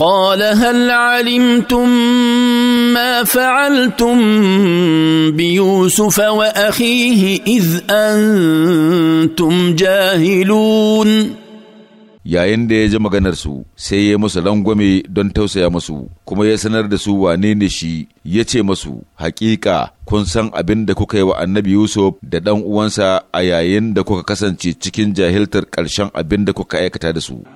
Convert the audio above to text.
قال هل علمتم ما فعلتم بيوسف واخيه اذ انتم جاهلون yayin da ya ji maganarsu sai ya musu langwame don tausaya masu kuma ya sanar da su wane ne shi ya ce masu hakika kun san abin da kuka yi wa annabi yusuf da ɗan uwansa a yayin da kuka kasance cikin jahiltar ƙarshen abin da kuka aikata da su